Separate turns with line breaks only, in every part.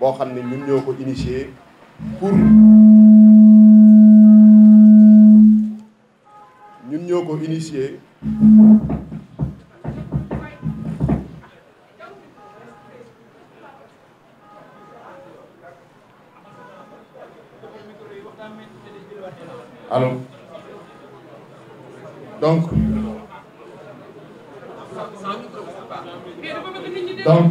boo xam ne ñun ñoo ko initié pour ñun ñoo ko initié alors donc donc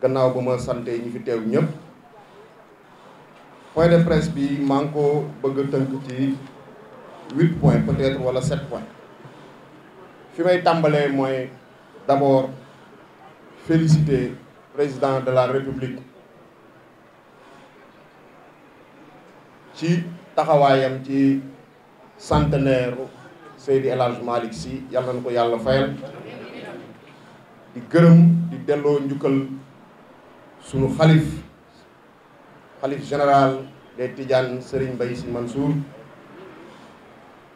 gannaaw bu ma santé ñi fi teew ñëpp point de presse bi manko bëgg a tënk ci 8 points peut-être wala 7 points fi may tambalé moy d'abord féliciter président de la république ci taxawayam ci centenaire Seydi El Hadji Malick Sy yàlla na fayal di gërëm di delloo jukel sunu khalif khalif general de Tidiane Serigne baye si Mansour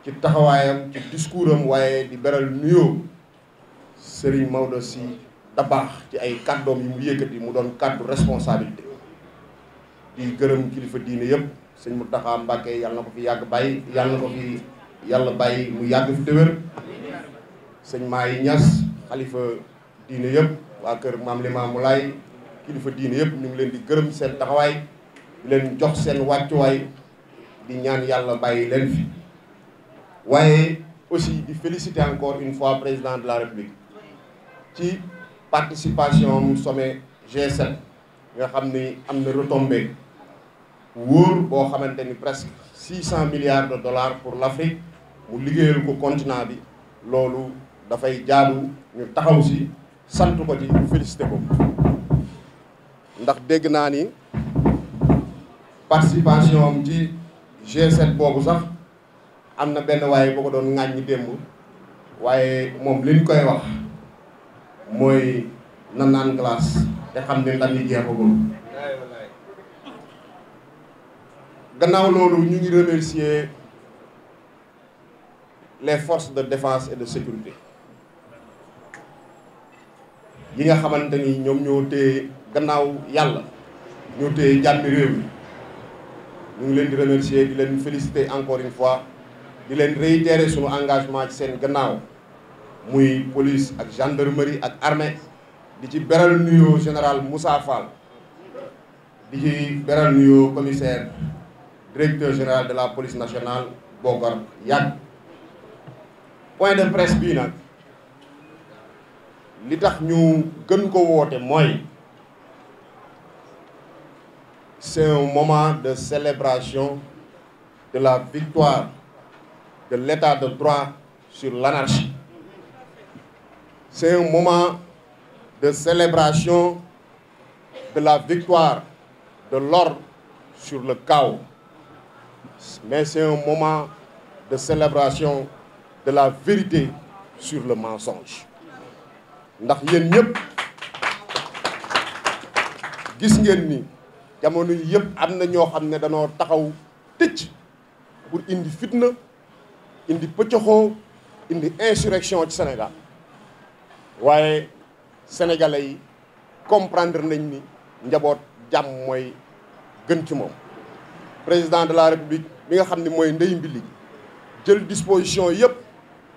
ci taxawayam ci discoursam waye di beral nuyo Serigne mawdo si Dabakh ci ay kàddoom yi mu yëkkati mu don kàddu responsabilité di gërëm kilifa diine yëpp serigne Mountakha mbake yalla nako fi yag baye yalla nako fi yalla baye mu yag fi deuer serigne maye Ñas khalifa diine yëpp wa keur mam limam Laay kilifa diine yëpp ñu ngi leen di gërëm seen taxaway di leen jox seen wàccuwaay di ñaan yàlla bàyyi leen fi waaye aussi di féliciter encore une fois président de la république ci participation au sommet G7 nga xam ni am na retombée wóor boo xamante presque 600 milliards de dollars pour l'Afrique mu liggéeyal ko continent bi loolu dafay jaadu ñu taxaw si sant ko ci féliciter ko ndax dégg naa ni participation am ci G7 boobu sax am na benn waaye boo ko doon ŋàññi démb waaye moom liñ koy wax mooy na naan classe te xam ne lan yi jeexagul gannaaw loolu ñu ngi remercier les forces de défense et de sécurité yi nga xamante ni ñoom ñoo téye gannaaw yàlla ñoo téye jàmmi réew mi ñu ngi leen di remercier di leen féliciter encore une fois di leen réitérer sunu engagement ci seen gannaaw muy police ak gendarmerie ak armée di ci beral nuyoo général Moussa Fall di ci beral nuyoo commissaire directeur général de la police nationale Bokar Yàgg point de presse bii nag li tax ñu gën ko woote mooy c'est un moment de célébration de la victoire de l'état de droit sur l'anarchie. C'est un moment de célébration de la victoire de l'ordre sur le chaos. Mais c'est un moment de célébration de la vérité sur le mensonge. ndax yéen jamono yëpp am na ñoo xam ne danoo taxaw tëcc pour indi fitna indi pëccëxoo indi insurrection ci Sénégal waaye sénégalais yi comprendre nañ ni njaboot jàmm mooy gën ci moom président de la république mi nga xam ne mooy ndey mbili jël disposition yëpp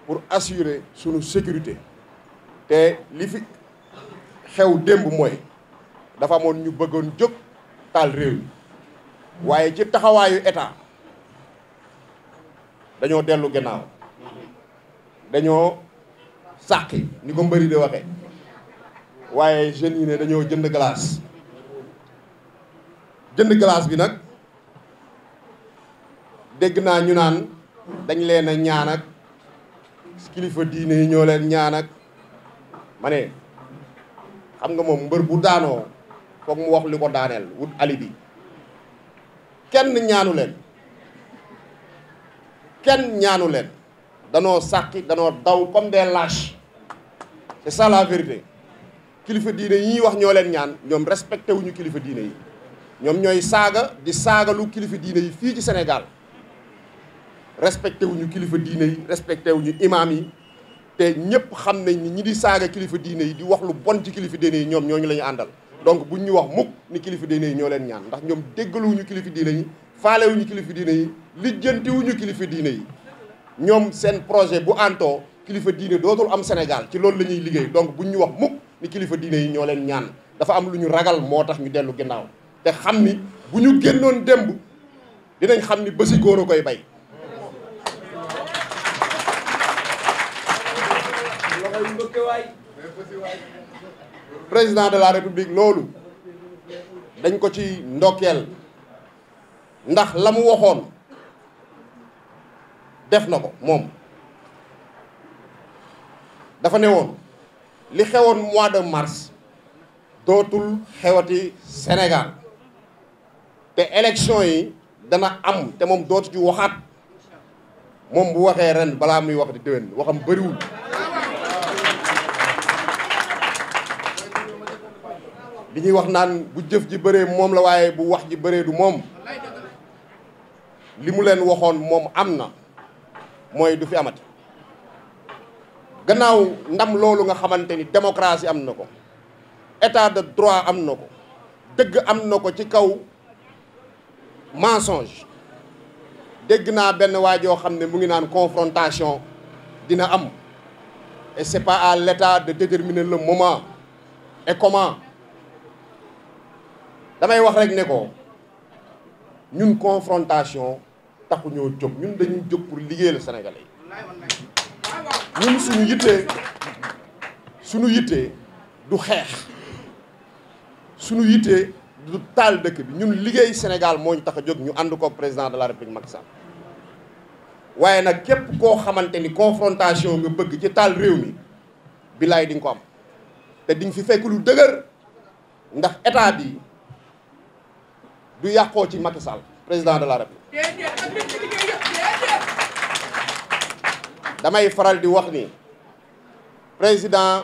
pour assurer sunu sécurité te li fi xew démb mooy dafa amoon ñu bëggoon jóg taal réew mi waaye ci dañoo dellu gannaaw dañoo sàqi ni waaye jeunes yi ne dañoo jënd glace jënd glace bi nag dégg naa ñu naan dañ leen a ñaan ak kilifa diine yi ñoo leen ñaan ak ma xam nga moom mbër bu daanoo foog mu wax li ko daaneel alibi Quel ñaanu le ñaanu nos dans nos daw comme des lâches c'est ça la vérité kilifa gens, yi wax ñoo ñaan ñoom respecté wuñu kilifa yi saga di kilifa Sénégal respecté wuñu qu'il diine yi respecté wuñu imaam yi te ñëpp xam nañ ni ñi di kilifa yi di wax lu ci kilifa yi donc buñ wax mukk ni kilifa diine yi des ñaan ndax ils kilifa kilifa yi kilifa yi ont seen projet bu antoo kilifa diine dootul am Sénégal ci loolu la liggéey donc buñ des wax des ni kilifa diine yi ñoo ñaan dafa am lu ragal moo ñu des ginnaaw des xam ni bu ñu on va dinañ xam des bési góor de koy le président de la république loolu dañ ko ci ndokkeel ndax la mu waxoon def na ko moom dafa ne woon li xewoon mois de mars dootul xewati Sénégal te élection yi dana am te moom dootu ci waxaat moom bu waxee ren balaa muy wax di déwén waxam bariwul Il wax naan bu jëf ji la waaye bu wax ji bëree du moom li mu leen waxoon moom du fi amati gannaaw ndam loolu nga démocratie ko de droit am ko ci kaw mensonge dégg naa benn confrontation dina am et c'est pas à l'état de déterminer le moment et comment damay wax rek ne ko ñun confrontation taxu ñoo jóg ñun dañuy jóg pour liggéeyal Sénégalais yi ñun suñu yittee suñu yittee du xeex suñu yittee du taal dëkk bi ñun liggéey Sénégal moo ñu tax a jóg ñu ànd ko président de la République Macky Sall waaye nag képp koo xamante ni confrontation nga bëgg ci taal réew mi bilaay di ko am te di fi fekk lu dëgër ndax état bi du yakko ci Macky Sall président de la République damay faral di wax ni président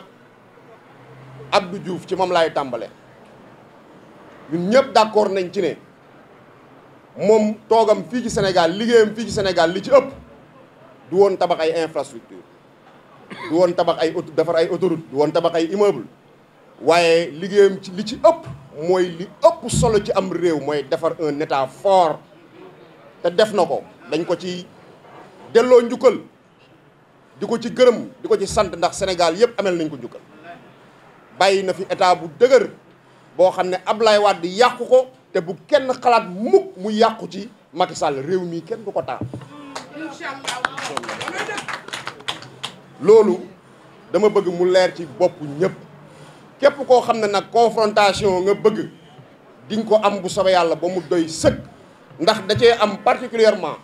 Abdou Diouf ci mom lay tambalé ñun ñëpp d'accord nañ ci né mom togam fi ci Sénégal ligéyam fi ci Sénégal li ci ëpp du won tabax ay infrastructure du won tabax ay defar ay autoroute du won tabax ay immeuble waaye ligéyam ci li ci ëpp mooy li ëpp solo ci am réew mooy defar un état te def na ko dañ ko ci delloo njukkal di ko ci gërëm di ko ci sant ndax Sénégal yëpp amel nañ ko njukkal bàyyi na fi état bu dëgër boo xam ne Ablaye Wade yàqu ko te bu kenn xalaat mukk mu yàqu ci Macky Sall réew mi kenn du ko taal loolu dama bëgg mu leer ci bopp ñëpp képp koo xam ne nag confrontation nga bëgg di nga ko am bu soobee yàlla ba mu doy sëkk ndax da cee am particulièrement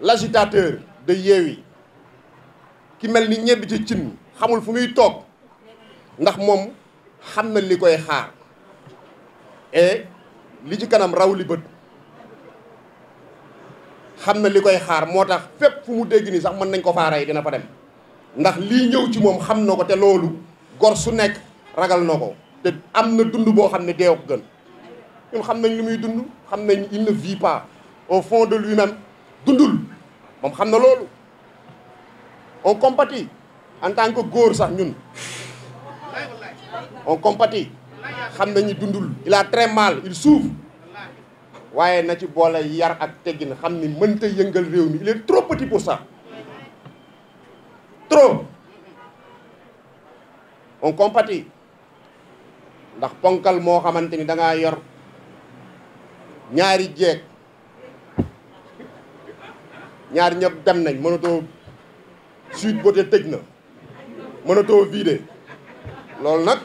l'agitateur da Yewwi ki mel ni ñebbi ci cin xamul fu muy toog ndax moom xam na li koy xaar et li ci kanam raw li bët xam na li koy xaar moo tax fépp fu mu dégg nii sax mën nañ ko faa rey dina fa dem ndax lii ñëw ci moom xam na ko te loolu gor su nekk ragal na ko te am na dund ne dee ko gën ñun xam il ne vit pas au fond de lui-même dundul moom xam na on compatit en tant que góor sax ñun on compatit xam nañu dundul il a très mal il souffre waaye na ci boole yar ak teggin xam ni mënta yëngal réew il est trop petit pour ça trop on compatit ndax ponkal moo xamante ni da yor ñaari jeeg ñaari ñëpp dem nañ mënatoo suite boote tëj na mënatoo vider loolu nag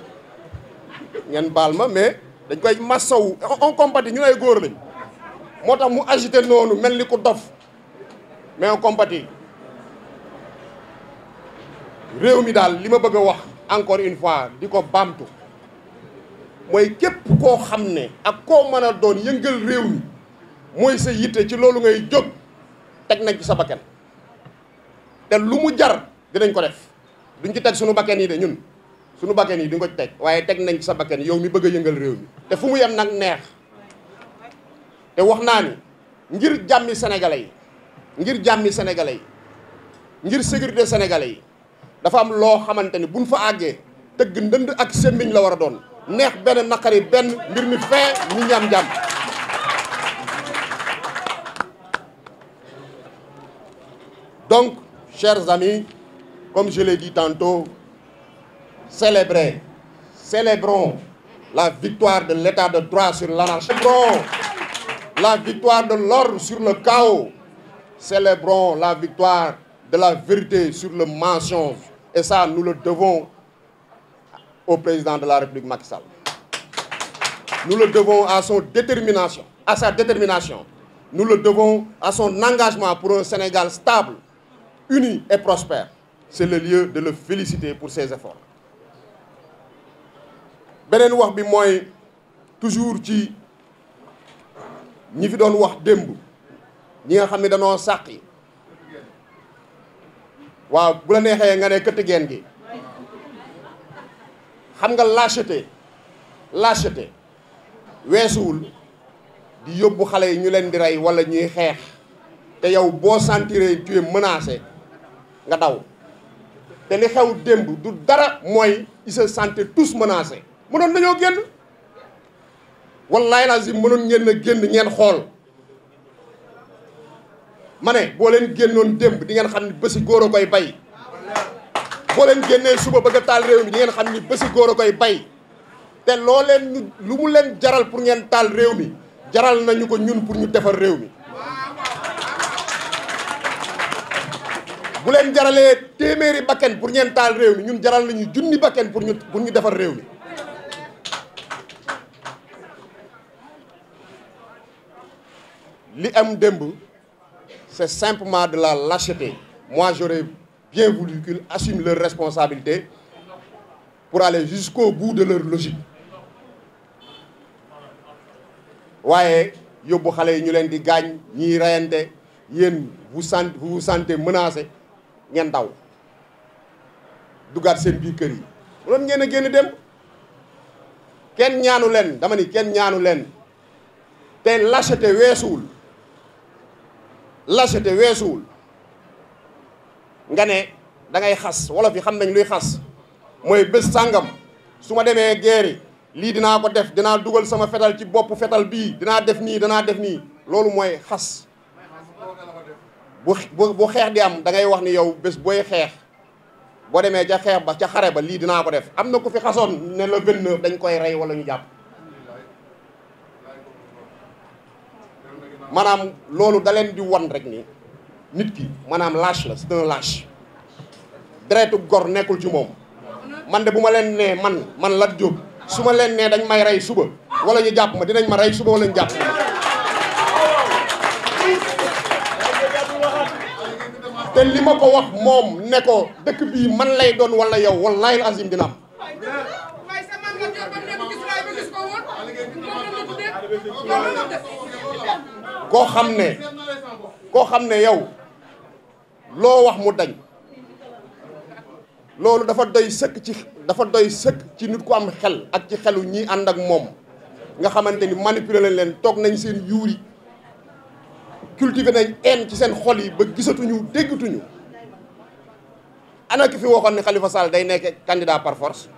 ngeen baal ma mais dañ koy masow on compatit ñu ay góor lañ moo tax mu agité noonu mel ni ku dof mais on compatit réew mi daal li ma bëgg a wax encore une fois di ko baamtu mooy képp koo xam ne ak koo mën a doon yëngal réew mi mooy sa yitte ci loolu ngay jóg teg nañ ci sa bakkan te lu mu jar dinañ ko def duñ ci teg suñu bakkan yi de ñun suñu bakkan yi duñ ko teg waaye teg nañ ci sa bakkan yow mi bëgg a yëngal réew mi te fu mu yem nag neex te wax naa ni ngir jàmmi sénégalais yi ngir jàmmi sénégalais yi ngir sécurité sénégalais yi dafa am lo xamanteni buñ fa àggee teug ndënd ak semmiñ la wara a doon neex benn naqari benn mbir mi fe ñu ñam donc chers amis comme je l'ai dit tantôt célébrons, célébrons la victoire de l'état de droit sur l'anarchie célébrons la victoire de l'ordre sur le chaos célébrons la victoire de la vérité sur le mensonge et ça, nous le devons au président de la République Macky Sall. Nous le devons à son détermination, à sa détermination. Nous le devons à son engagement pour un Sénégal stable, uni et prospère. C'est le lieu de le féliciter pour ses efforts. beneen wax bi toujours ci ñi fi doon wax demb ñi waaw bu la neexee nga ne këtt geen gi xam nga lâcheté lâcheté weesuwul di yóbbu xale yi ñu leen di rey wala ñuy xeex te yow boo sentiré tu es nga daw te li xew démb du dara mooy ils se sentaient tous menacés mënoon nañoo génn wallaay lazim mënoon ngeen a génn ngeen xool mané bo len gennon dengan di ngeen xamni beusi goro koy bay bo len genné suba bëgg a taal réew mi di ngeen xamni beusi goro koy bay té lo len lu mu len jaral pour ngeen taal réew mi jaral nañu ko ñun pour ñu défar réew mi bu len jaralé téméri bakken pour ngeen taal réew mi ñun jaral nañu junni bakken pour ñu pour ñu défar réew mi li am demb c'est simplement de la lâcheté. Moi, j'aurais bien voulu qu'ils assument leurs responsabilités pour aller jusqu'au bout de leur logique. Vous yóbbu vous ñu vous di gagné, vous vous vous sentez menacé Vous daw Vous avez biir Vous yi vous Vous avez dem avez ñaanu Vous dama ni Vous lâcheté wessoul nga ne da ngay xass wala fi xam nañ luy xass moy bés sàngam suma démé demee guerre lii dinaa ko def dina duggal sama fetal ci bop fetal bi dina def ni danaa def ni loolu moy xass bu bu xex di am da ngay wax ni yow bés boy xex bo démé ja xex ba ca xare ba li dina ko def amna ku fi xasoon ne le 29 dañ koy ray wala ñu jàpp maanaam loolu da leen di wan rek ni nit ki maanaam lâche la c'est un lâche deretu gor nekkul ci moom man de bu ma leen nee man man Lat Diop su ma leen nee dañ may rey suba wala ñu jàpp ma dinañ ma rey suba wala ñu jàpp ma te li ma ko wax moom ne dëkk bii man lay doon wala yow wallahi la dina am koo xam ne koo xam ne yow loo wax mu dañ loolu dafa doy sëkk ci dafa doy sëkk ci nit ku am xel ak ci xelu ñi ànd ak moom nga xamante ni manipuler la leen toog nañ seen yuuri cultiver nañ haine ci seen xol yi ba gisatuñu déggatuñu ana ki fi waxoon ni Khalifa Sall day nekk candidat par force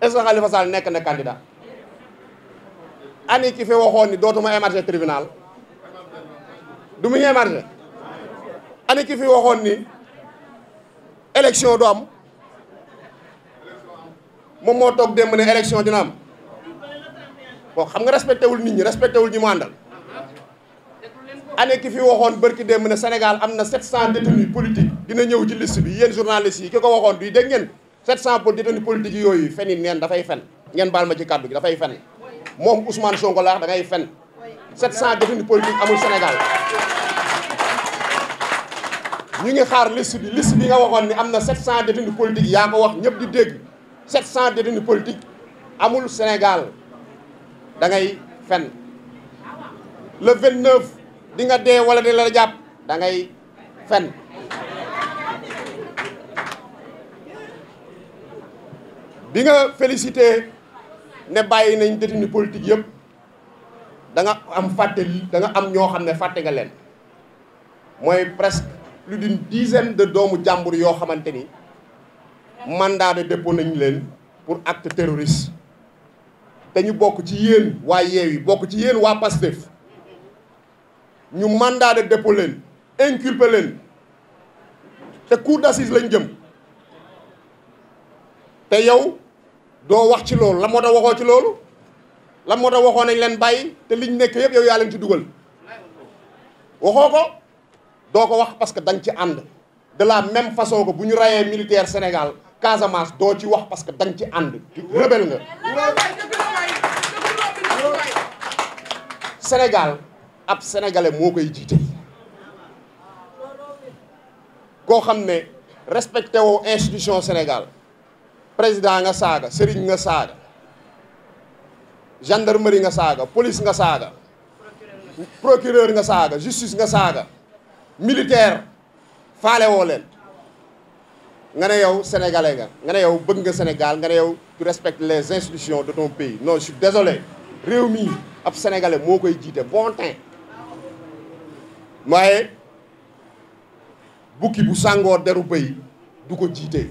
est-ce que Khalifa nekk na candidat ani ki fi waxoon ni dootuma émarger tribunal du mu ñu émarger ani ki fi waxoon ni élection du am moom moo toog démb ne élection dina am bon xam nga respecté wul nit ñi respecté wul ñi mu àndal année ki fi waxoon bërki démb ne Sénégal am na 700 détenus politiques dina ñëw ci liste bi yéen journalistes yi ki ko waxoon duy dégg ngeen 700 détenus politiques yooyu fen yi neen dafay fen ngeen baal ma ci kàddu gi dafay fen moom Ousmane Sonko laax da ngay fen 700 détenus politiques amul Sénégal ñu ngi xaar liste bi liste bi nga waxoon ni am 700 détenus politiques yaa ko wax ñëpp di dégg 700 détenus politiques amul Sénégal da ngay fen le 29 di nga dee wala di la jàpp da ngay fen di nga félicité ne bàyyi nañ détenu politique yëpp da nga am fàtte da nga am ñoo xam ne fàtte nga leen mooy presque plus d'une dizaine de doomu jàmbur yoo xamante ni mandat de dépôt nañ leen pour acte terroriste te ñu bokk ci yéen waa Yewwi bokk ci yéen waa Pastef ñu mandat de dépôt leen inculpé leen te cour d'assises lañ jëm te yow doo wax ci loolu la moo tax waxoo ci loolu la moo tax waxoo nañ leen bàyyi te liñ nekk yëpp yow yaa leen ci dugal waxoo ko doo ko wax parce que dañ ci ànd de la même façon ko bu ñu rayee militaire Sénégal Casamance doo ci wax parce que dañ ci ànd rebelle nga Sénégal ab sénégalais moo koy jiite koo xam ne respecté woo institution Sénégal président nga saaga sëriñ nga saaga gendarmerie nga saaga police nga saaga procureur nga saaga justice nga saaga militaire faale woo leen nga ne yow sénégalais nga nga ne yow bëgg nga Sénégal nga ne yow tu respectes les institutions de ton pays non je suis désolé réew mi ab sénégalais moo koy jiite bon temps waaye bukki bu sàngoo deru bëy du ko jiite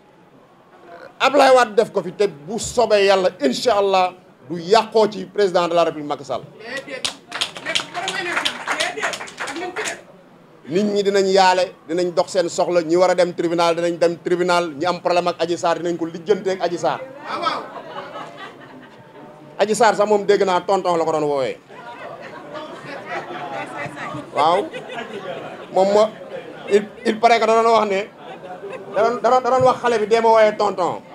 Ablaye Wade def ko fi te bu sobee yàlla incha allah du yàqoo ci président de la république Macky Sall nit ñi dinañ yaale dinañ dox seen soxla ñi war a dem tribunal dinañ dem tribunal ñi am problème ak Adji Sarr dinañ ko lijjantee ak Adji Sarr Adji Sarr sax moom dégg naa tonton la ko doon woowee waaw moom moo il il paraît que da doon wax ne da doon wax xale bi dee ma woowee tonton.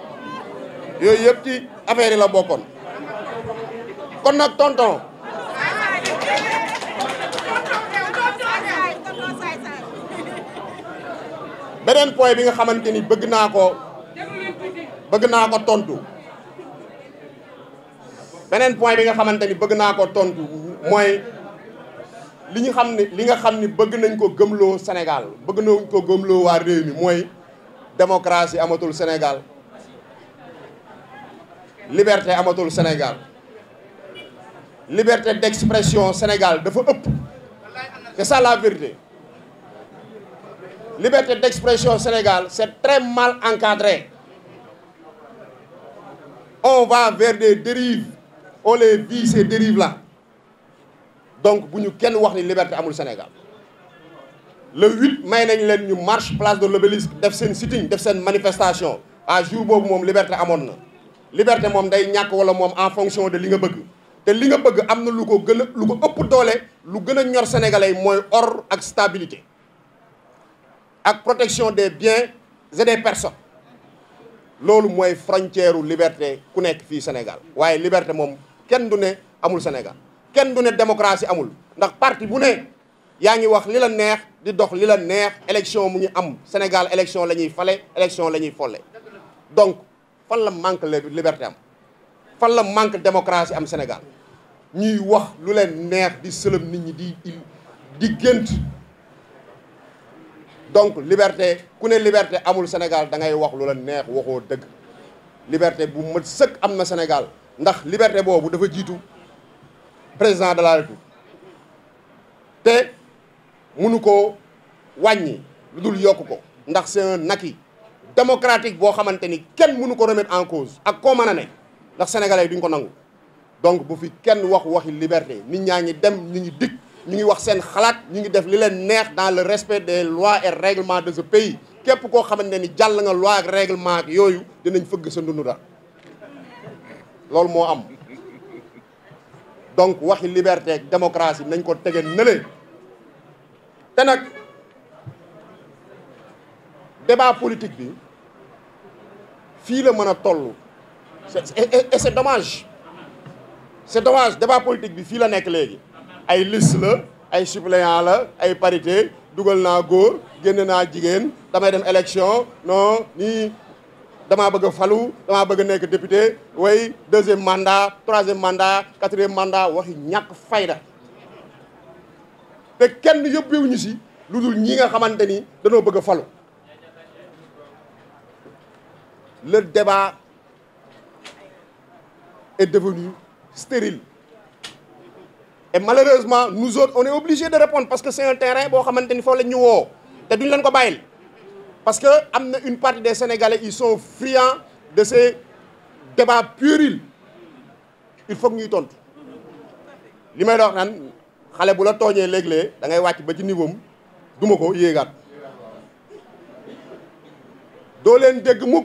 yooyu yëpp ci affaire yi la bokkoon kon nag tonton beneen point bi nga xamante ni bëgg naa ko bëgg naa ko tontu beneen point bi nga xamante ni bëgg naa ko tontu mooy li ñu xam ne li nga xam ni bëgg nañ ko gëmloo Sénégal bëgg na nañ ko gëmloo waa réew mi mooy démocratie amatul Sénégal liberté le Sénégal liberté d'expression au Sénégal c'est ça la vérité liberté d'expression au Sénégal c'est très mal encadré on va vers des dérives on les vit ces dérives là donc vous pouvez kenn wax ni liberté amul Sénégal le 8 mai, nous leen marche place de l'obélisque def seen sitting def manifestation à jour avons la liberté liberté mom day ñak wala mom en fonction de li nga bëgg té li nga bëgg amna na lu ko gën lu ko ëpp lu ñor sénégalais moy or ak stabilité ak protection des biens et des personnes loolu moy frontière liberté ku nekk fi Sénégal waye liberté mom kenn du né amul Sénégal kenn du né démocratie amul ndax parti bu né yaa wax lila neex di dox lila neex élection mu ngi am Sénégal élection lañuy falé élection lañuy ñuy donc fan la manque liberté am fan la manque démocratie am senegal ñuy wax lu leen neex di sëlëm nit ñi di di gént donc liberté ku ne liberté amul Sénégal da ngay wax lu leen neex waxoo dëgg liberté bu mat sëkk am na senegal ndax liberté boobu dafa jiitu président de la République te mënu ko wàññi lu dul yokk ko ndax c'est un démocratique boo xamante ni kenn mënu ko remettre en cause ak koo mën a ne ndax sénégalais yi duñ ko nangu donc bu fi kenn wax waxi liberté nit ñaa ngi dem ñu ngi dikk ñu ngi wax seen xalaat ñu ngi def li leen neex dans le respect des loi et réglement de ce pays képp koo xamante ni jàll nga loi ak règlement ak yooyu dinañ fëgg sa ndundu daal loolu moo am donc waxi liberté ak démocratie nañ ko tege nële te nag débat politique bi fii la mën a et c'est dommage c'est dommage débat politique bi fii la nekk léegi ay liste la ay suppléant la ay parité dougal na góor génne naa jigéen damay dem élection non ni, damaa bëgg a falu damaa bëgg a nekk député way deuxième mandat troisième mandat quatrième mandat waxi nyak fayda te kenn yóbbeewuñu si lu dul ñi nga xamante ni danoo bëgg a le débat est devenu stérile. Et malheureusement, nous autres, on est obligés de répondre parce que c'est un terrain où il faut les nous. Et nous ne Parce que une partie des Sénégalais, ils sont friands de ces débats purils. Il faut que nous tontes. Ce que je veux dire, c'est que les gens qui ont été petit niveau, ils ne sont pas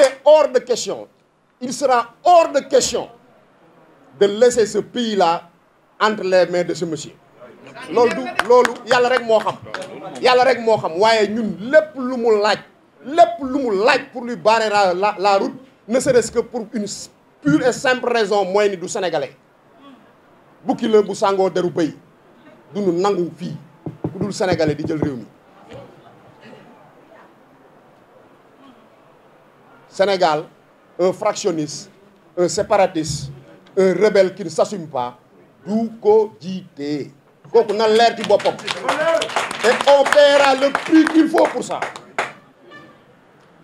est hors de question, il sera hors de question de laisser ce pays-là entre les mains de ce monsieur. C'est du loolu yàlla rek moo xam yàlla rek moo xam waaye ñun nous, lu mu laaj lépp lu mu pour lui barrer la la route ne serait-ce que pour une pure et simple raison mooy ni du sénégalais bukki la bu sàngoo deru bëy du nu nangu fii ku dul sénégalais di jël réew ici. Sénégal, un fractionniste, un séparatiste, un rebelle qui ne s'assume pas, d'où codité, on a l'air Et on paiera le prix qu'il faut pour ça.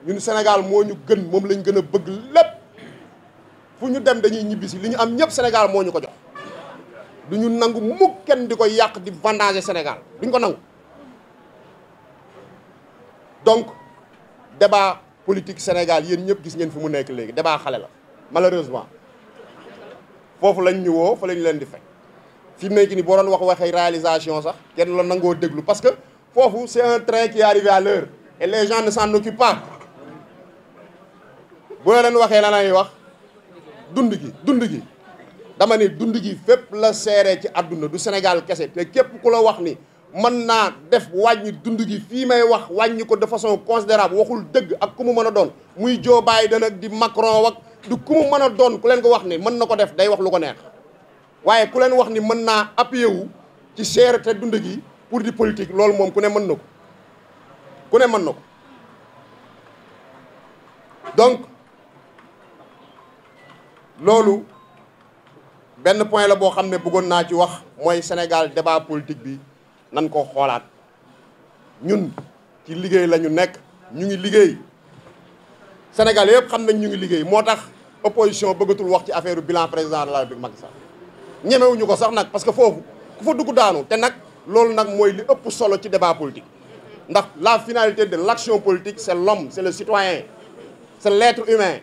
Nous, Sénégal nous sommes gën plus... Nous bëgg dem dañuy ñibbi Sénégal Nous sommes ko jox Sénégal ko nangu donc débat politique Sénégal yéen ñëpp gis ngeen fi mu nekk léegi débat xale la malheureusement foofu lañ ñu woo fa lañ leen di fekk fi mu nekk nii boo doon wax waxee réalisation sax kenn la nangoo déglu parce que foofu c'est un train qui arrive à l'heure et les gens ne s'en occupent pas bu la leen waxee lan lay wax dund gi dund gi dama ne dund gi fépp la seere ci àdduna du Sénégal kese te képp ku la wax ni mën naa def wàññi dund gi fii may wax wàññi ko de façon considérable waxul dëgg ak ku mu mën a doon muy Joe Biden ak di Macron wak du ku mu mën a doon ku leen ko wax ni mën na ko def day wax lu ko neex waaye ku leen wax ni mën naa appuyer wu ci cherté dund gi pour di politique loolu moom ku ne mën na ko ku ne mën na ko donc loolu benn point la boo xam ne bëggoon naa ci wax mooy Sénégal débat politique bi nan ko xolaat ñun ci liggéey lañu nek ñu ngi liggéey Sénégal yëpp xam nañ ñu ngi liggéey motax opposition bëggatul wax ci affaire bilan président de la République Macky Sall wuñu ko sax nak parce que fofu ku fa dugg daanu té nak lool nak moy li ëpp solo ci débat politique ndax la finalité de l'action politique c'est l'homme c'est le citoyen c'est l'être humain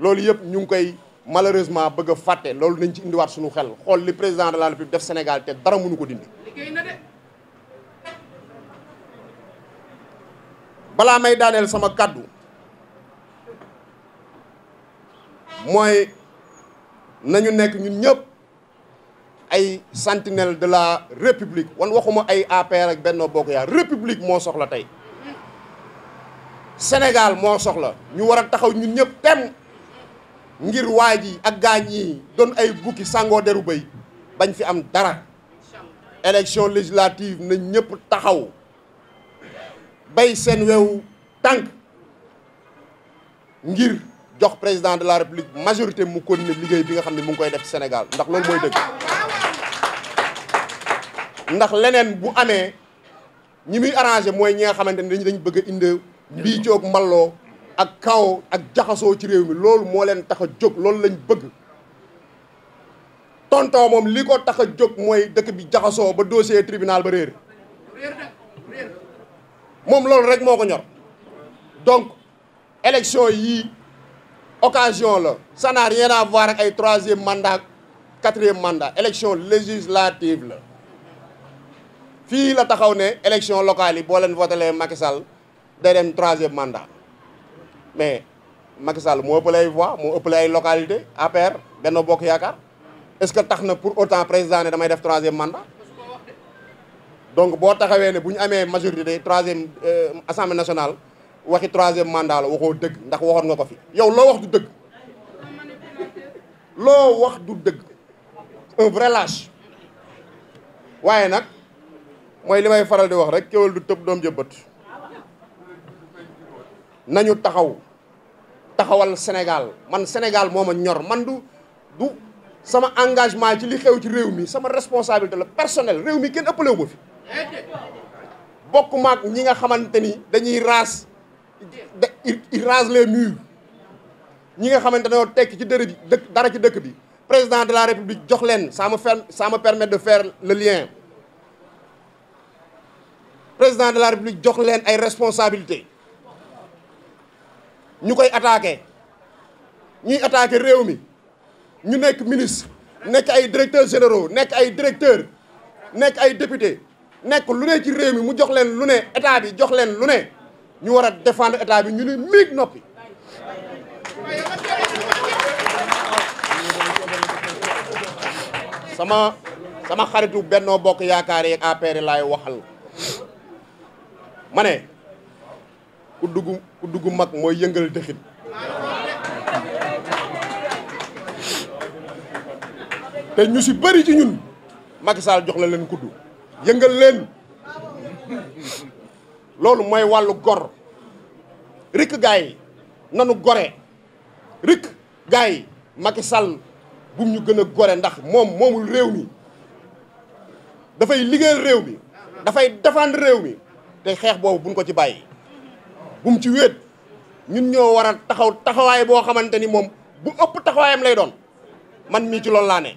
lool yëpp ñu ngi koy malheureusement bëgg a lool nañ ci indiwaat suñu xel xol li président de la République def Sénégal té dara mënu ko dindi. liggéey na dé balaa may daaneel sama kàddu mooy nañu nekk ñun ñëpp ay sentinelle de la république wan waxuma ay APR ak Benno Bokk Yaakaar république moo soxla tey Sénégal moo soxla ñu war a taxaw ñun ñëpp tem ngir waa ji ak gaañ yi doon ay bukki sangoo deru béy bañ fi am dara élection législative na ñëpp taxaw bay seen wewu tànk ngir jox président de la république majorité mu continuer liggéey bi nga xam ne mu ngi koy def Sénégal ndax loolu mooy dëgg ndax leneen bu amee ñi muy arrangé mooy ñi nga xamante ne dañu dañ bëgg a indi mbii coog mballoo ak kaw ak jaxasoo ci réew mi loolu moo leen tax jóg loolu lañ bëgg tonton moom li ko tax a jóg mooy dëkk bi jaxasoo ba dossier tribunal ba réer mom loolu rek moko ñor donc élection yi occasion la ça n'a rien à voir avec ay troisième mandat quatrième mandat élection législative la vous la taxaw élection locale vous pouvez votalé votelee Macky Sall day dem troisième mandat mais Macky Sall mo ëppale vous voix mo ëppale localité APR Benno Bokk Yaakaar est-ce que vous êtes pour autant président dans damay def troisième mandat donc boo taxawee ne bu ñu amee 3e euh, assemblée nationale waxi 3e mandat la waxo deug ndax waxon nga ko fi yow lo wax du deug lo wax du deug un vrai lâche wayé nak moy limay faral di wax rek kéwél du tëb dom jeubut nañu taxaw taxawal Sénégal man Sénégal moma ñor man du sama engagement ci li xew ci réew mi sama responsabilité la personnel réew mi kenn ëppalé wu fi Beaucoup ak ñi nga xamante ni dañuy raas il rase les murs ñi nga été dañoo tekki ci dërë bi président de la république jox ça me ça me permet de faire le lien président de la république jox a ay responsabilités Nous Nous, attaqué attaquer attaqué Nous mi ñu ministres, nous sommes ay directeurs généraux nekk ay directeurs nekk ay députés nekk lu ne ci réew mi mu jox leen lu ne état bi jox leen lu ne ñu war a défendre état bi ñu ni miig noppi sama sama xaritu Benno Bokk Yaakaar yi APR lay waxal ma ne ku dugg mag mooy yëngal dëxin te ñu si bari ci ñun Macky Sall jox la leen kuddu yëngal leen loolu mooy wàllu gor rikk gars yi nanu gore rikk gars yi Macky Sall bum ñu gën a gore ndax moom moomul réew mi dafay liggéeyal réew mi dafay défendre réew mi te xeex boobu buñ ko ci bàyyi bum ci wéet ñun ñoo war a taxaw taxawaay boo xamante ni moom bu ëpp taxawaayam lay doon man mii ci loolu laa ne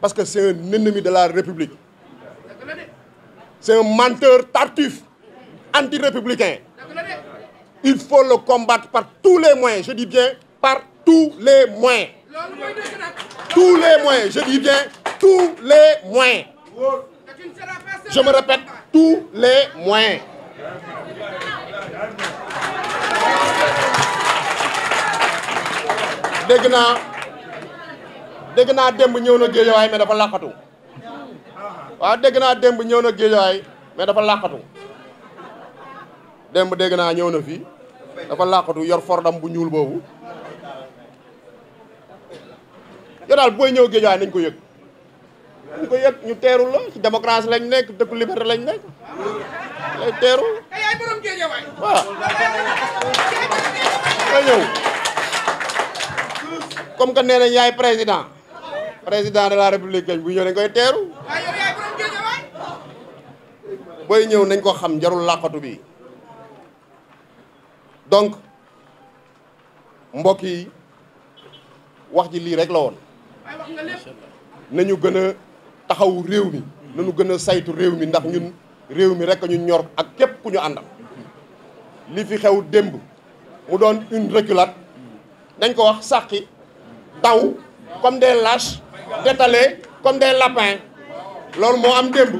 parce que c'est un ennemi de la République. C'est un menteur tartuf, anti-républicain. Il faut le combattre par tous les moyens, je dis bien par tous les moyens. Tous les moyens, je dis bien tous les moyens. Je me répète, tous les moyens. dégg naa démb ñëw na géejawaay me dafa laqatu wa dégg naa démb ñëw na géejawaay me dafa laqatu démb dégg naa ñëw na fii dafa laqatu yor fordam bu ñuul yo dal boy ñew ñëw géejawaay nañ ko yëg ñu ko yëg ñu teeru la ci démocratie lañ nekk dëkku liberté lañ nekk lay teeru ay borom géejawaay waaw comme que nee yaay président président de la république kañ bu ñëw dañ koy teeru booy ñëw nañ ko xam jarul làqatu bi donc mbokk yi wax ji lii rek la woon nañu gën a taxaw réew mi nañu gën a saytu réew mi ndax ñun réew mi rek ñu ñor ak képp ku ñu àndal li fi xew démb mu doon une reculade dañ ko wax sàqi daw comme de lâches détalés comme des lapins loolu moo am démb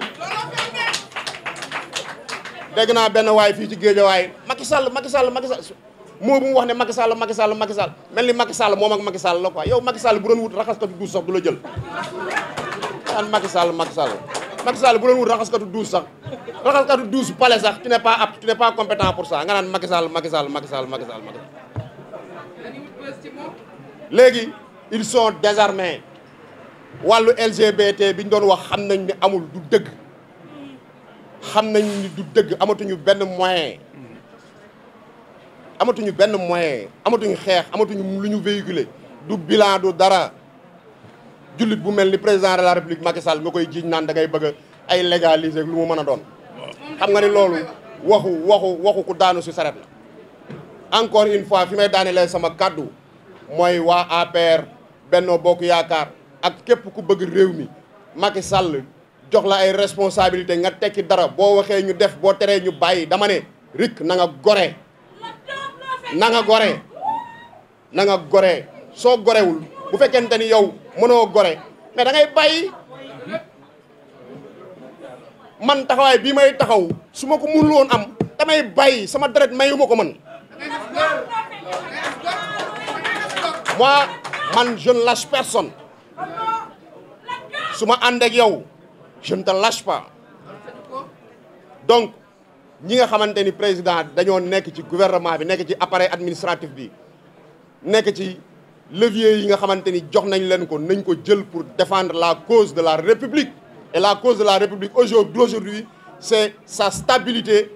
dégg naa benn waay fii ci géejawaay Macky Sall Macky Sall Macky Sall moo mu wax ne Macky Sall Macky Sall Macky mel ni Macky Sall moom ak Macky Sall la yow Macky Sall bu doon wut raxaskatu douze sax du la jël daan Macky Sall Macky Sall Macky Sall bu doon wut raxas douze sax raxaskatu sax tu n'es pas apte tu compétent pour ça nga naan Macky Sall Macky Sall Macky Sall Macky léegi ils sont désarmés wàllu LGBT bi ñu doon wax xam nañ ni amul du dëgg xam nañ ni du dëgg amatuñu benn moyen amatuñu benn moyen amatuñu xeex amatuñu lu ñu véhiculer du bilan du dara jullit bu mel ni président de la république Macky Sall nga koy jiiñ naan dangay bëgg ay légaliser lu mu mën a doon. xam nga ni loolu waxu waxu waxu ku daanu si saret la encore une fois fi may daanelee sama kàddu mooy waa APR Benno Bokk Yaakaar. ak képp ku bëgg réew mi Macky Sall jox la ay responsabilité nga tekki dara bo waxé ñu def bo téré ñu bayyi dama né rik na nga goré na nga goré na nga goree soo gorewul bu fekkenté ni yow mëno gore mais da ngay bayyi man taxaway bi may taxaw suma ko mënul won am damay bayyi sama dérèt mayu ko man moi man je ne lâche personne yow je ne te lâche pas donc nous nga xamanteni président dañoo ci gouvernement bi nek ci appareil administratif bi nek ci levier yi nga xamanteni jox leen ko pour défendre la cause de la république et la cause de la république aujourd'hui c'est sa stabilité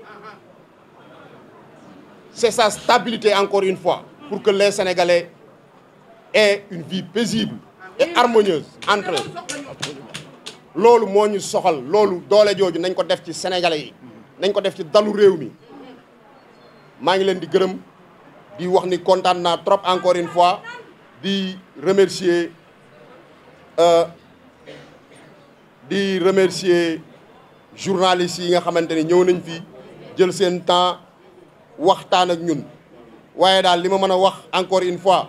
c'est sa stabilité encore une fois pour que les sénégalais aient une vie paisible et harmonieuse entre eux ce soxal doole joju nañ ko def ci sénégalais yi ko def ci dalu rewmi ngi di di encore une fois di remercier euh, di remercier journalistes yi nga xamanteni nañ fi encore une fois